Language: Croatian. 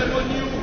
demoniju.